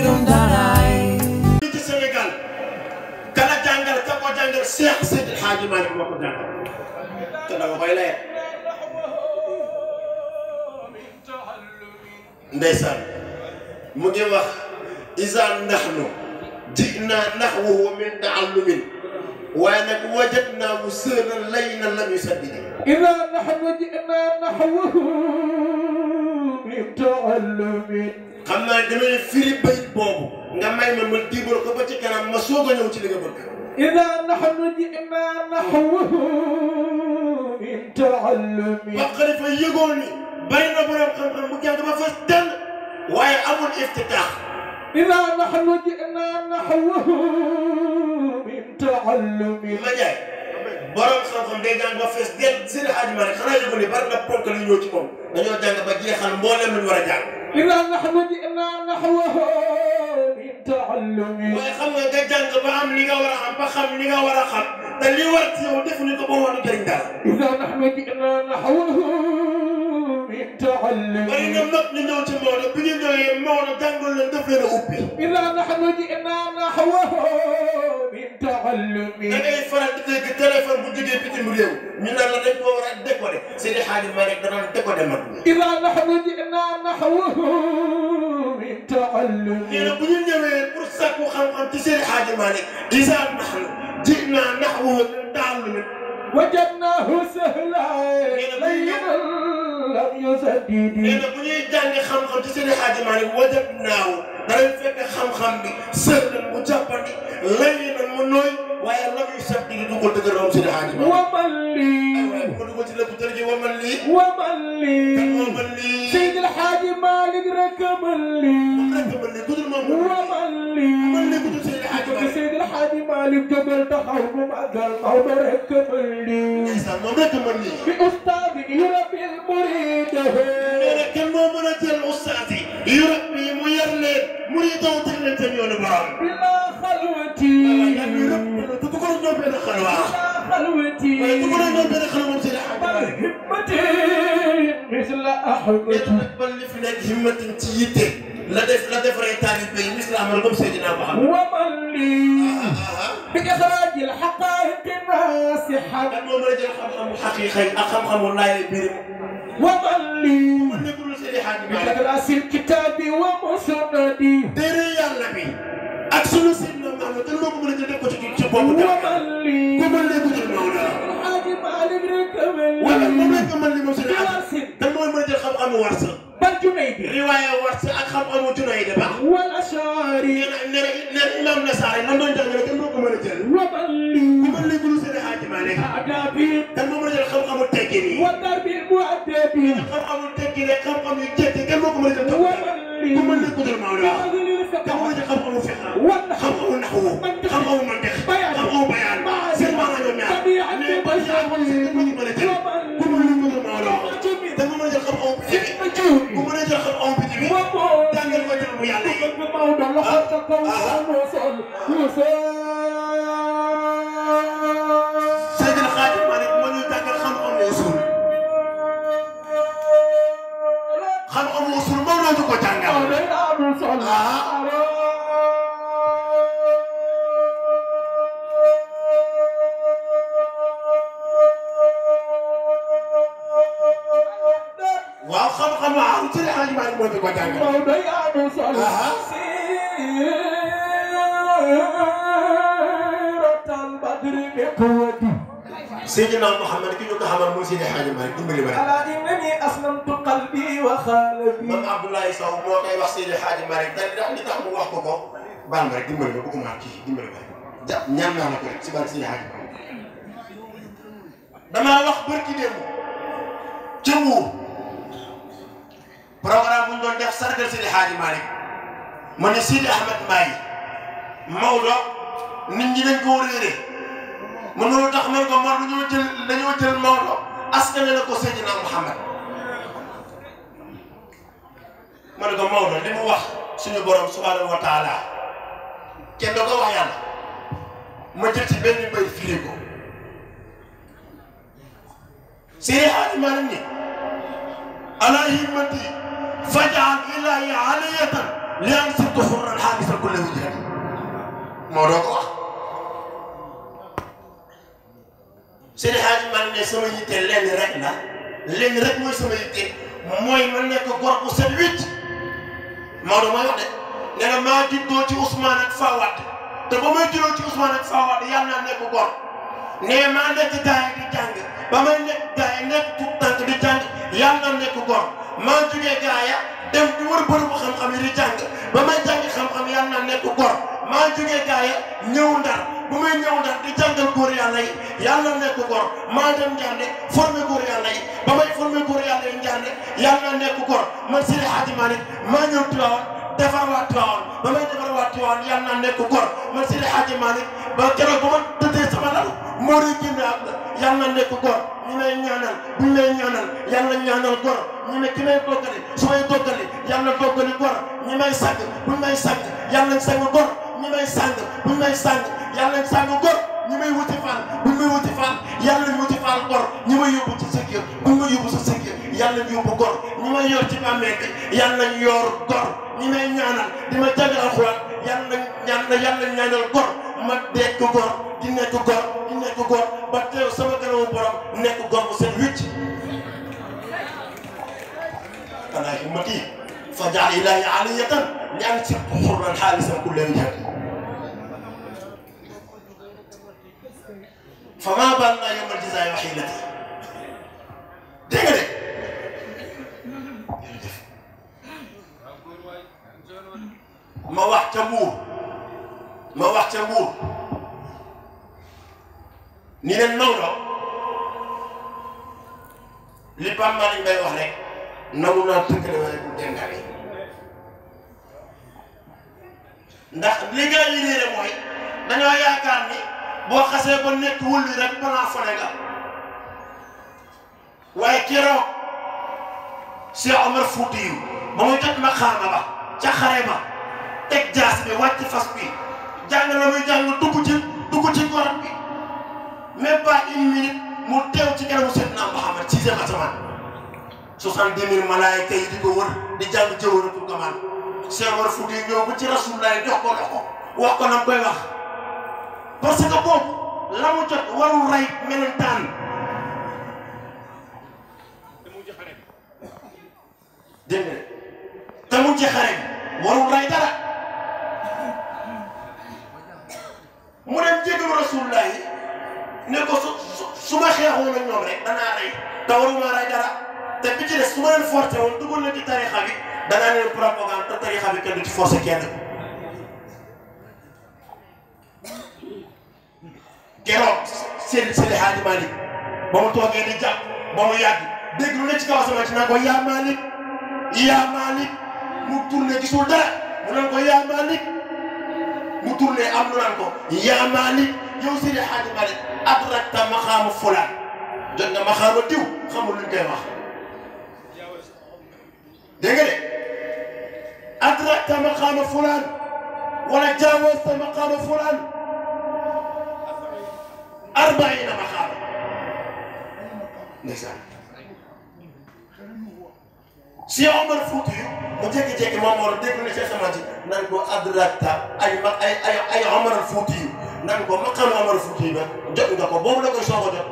mbirum daraay ci Sénégal kala jàngal ka ko jàngal Cheikh Seydi El Hadji Malick moo ko jàngal te dama koy laye ndeysaan mu ngi wax isa nahnu jina nahwahu min taallumin waaye nag wajadnaahu sëran layna lam yusaddidi ila nahnu jina nahwahu min taallumin xam naa damay firi bayit boobu nga may ma man diibal ko ba ci kanam ma soog a ñëw ci li nga bëgg إذا نحن جئنا نحوه من تعلمي بقري فيقولني بين برام خم خم مكان ما فستن وهي أبو الافتتاح إذا نحن جئنا نحوه من تعلمي ما جاي borom xam-xam day jàng ba fees del seen xaaj ma ne xanaa yëgu ne bari na ponk li ñëw ci moom dañoo jàng ba jeexal mboolem lu ñu war a jàng إذا نحمد إنا نحوه من تعلمي ويخلنا دجان قبام نيغا ورا خم بخم نيغا ورا خم دلي ورت يو ديف نيغا بو دار إذا نحمد إنا نحوه من تعلمي وين نمك مولا بني مولا دانغول ندف أوبي إذا نحمد إنا نحوه من bi da ngay faral di dégg téléphone bu jógee bitim réew ñu naan la dañ ko war a décoder Seydi Hadji Malick danaan décoder mag ida nahnu jina nahwahu min taallum nee na bu ñu ñëwee pour sàkku xam-xam ci Seydi Hadji Malick isa nahnu jina nahwahu min taallum wajadnahu sahla layyinan lam yusaddid nee na bu ñuy jàng xam-xam ci Seydi Hadji Malick wajadnaahu danañ fekk xam-xam bi sër bu jàppandi lay na mu nooy waaye lam yu sax di ko dëgg doom si daxaani ba. wabal lii. ko dugg ci lépp tër ji wabal lii. wabal lii. kan wabal lii. Seydi El Hadji Malick rek abal lii. moom rek abal lii ku dul moom. wabal lii. wabal lii ku dul Seydi El Hadji Malick. Seydi El Hadji Malick jëmal taxaw mu màggal Maodo rek abal lii. moom rek abal lii. bi ustaaz yi rabbil muriid ahmad bal li fi nekk himmatin ci yitte la def la def rek taalib yi lislaam la moom Seydina Muhammad wa man lii ah, ah, ah. bi ixraaji l-xaqaa'iqi naasihan ak moom la jël xam-xamu xaqiiqa yi ak xam-xamu laay biir wa man lii bi daraasil kitaabi wa musnadi téere yàlla bi ak sunu Seydina Muhammad te loo ko mën a jël def ko ci ci bopp wa man lii ko mën leen ko jël noonu la wala moom lañ ko mën li moom xam-xamu warsa. bal Junayd. riwaaya warsa ak xam-xamu Junayd ba. wal Ash'ari. nee na nee na imaam Nasaari man doon jox ne kenn du ko mën a jël. wa bal lii. ku mën léegi lu seen Haaji Maalik Kuya Lee. Huwag mo pa udol, lakad ka pa waxam xam la am ci xam ma mo ko badri be ko wadi muhammad ki ñu ko xamal mo sayyidina hajji ma ko mbeli wa khalbi man abdullah saw mo kay wax sayyidina hajji ma rek dal di tax mu wax ko ko ban rek dimbali ma ko ma ci dimbali bari ñam na programme bu ñu doon def sargal Seydi Hadji Malick mu ne Seydi Ahmed Mbaye Maodo nit ñi dañ koo réere mu ne tax mën ko mor dañoo jël dañoo jël Maodo askan la ko Seydina Mouhamed ma ne ko Maodo li mu wax suñu borom subhanahu wa taala kenn da wax yàlla ma jël ci benn mbéy firi ko Seydi Hadji Malick ni ala himmati فاجعل إلهي علية لأن صرت حرا حارسا كل وجهك moo doo ko wax Seydi Hadji Malick ne sama yitte lenn rek la lenn rek mooy sama yitte mooy ma nekk góor bu set wicc Maodo mooy wax de nee na maa juddoo ci Ousmane ak Fawad te ba may juddoo ci Ousmane ak Fawad yàlla naa nekk góor nee maa nekk daay di jàng ba may nekk daay nekk tout tànk di yàlla na nekk góor maa jugee gaaya dem di wër xam-xam yi di jàng ba may jàngi xam-xam yàlla na nekk góor maa jugee gaaya ñëw ndar bu may ñëw ndar di jàngal góor yàlla yi yàlla na nekk góor maa dem Njaané formé góor yàlla yi ba may formé góor yàlla yi Njaané yàlla na nekk maa ñëw Tiwaawan defar waa Tiwaawan ba may defar waa Tiwaawan yàlla na nekk góor man Seydi Hadji Malick ba keroog ba ma tëddee sama lal moo di génne yal na nekk góor ñi may ñaanal bu ñu may ñaanal yal na ñaanal góor ñi may ki su may doggale yal na doggale góor ñi may sàgg bu ñu may sàgg yal nañ sàgg ñi may sàgg bu ñu may sàgg yal nañ sàgg góor ñi may wuti faal bu ñu may wuti ñi may yóbbu ci sëkk bu ñu may yóbbu sa sëkk yal nañ yóbbu góor ñi may yor ci bàmmeel bi yal nañ yor góor ñi may ñaanal di ma dekk góor di nekk góor di nekk góor ba teew sama kanamu borom nekk góor bu seen wicc ala himati fajal ilahi aliyatan li an si xurran xaalisan kulle rijal fama bal na yomal jisaay waxilati dégg nga de ma wax ca muur ma wax ca mbuur ni leen Maodo li Pape Malick Mbaye wax rek nangu naa tëkkale wala du ndax li nga yéene mooy dañoo yaakaar ni boo xasee ba nekk wulli rek banaa fone nga waaye keroog Cheikh Omar Foutiyou ba muy jot maqaama ba ca xare teg jaas bi wàcc fas bi jàng la muy jàng dugg ci dugg ci koran bi même pas une minute mu teew ci kanamu Seydina Muhammad sixième asamaan soixante-dix mille malaayika yi di ko wër di jàng jawharatul kamal Cheikh Omar Fouti ñëw ba ci Rasulullah jox ko loxo wax ko nam koy wax parce que boobu la mu jot warul rey melentaan ne ko su su su ma xeexoon ak ñoom rek danaa rey te waruma rey dara te bi ci des su ma leen forcé woon dugal na ci tarixa bi danaa leen propagande te kenn du ci forcé kenn. keroog Serigne Sidi Hadj ba mu toogee di jàpp ba mu yàgg dégg lu ne ci kaw ci naan yaa Malick yaa Malick mu tourné gisul dara mu naan yaa Malick mu tourné am lu naan yaa Malick yow Sidi Hadj Malick. adrakta maxaamu fulaan jot nga maxaamu diw xamul luñ koy wax dégg nga de adrakta maxaamu fulaan wala jaawasta maxaamu fulaan arbaina maxaama ndeysaan si Omar Fouti mu jékki-jékki moom war a déglu ne ci sama ji nan ko adrakta ay ay ay ay Omar Fouti nan ko maqam Omar Fuuti ba jot nga ko boobu la ko soog a jot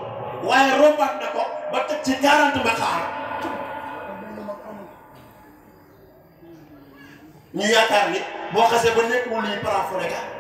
waaye rombaat na ko ba teg ci 40 maqaam ñu yaakaar ni boo xasee ba nekkul lii paraphone ka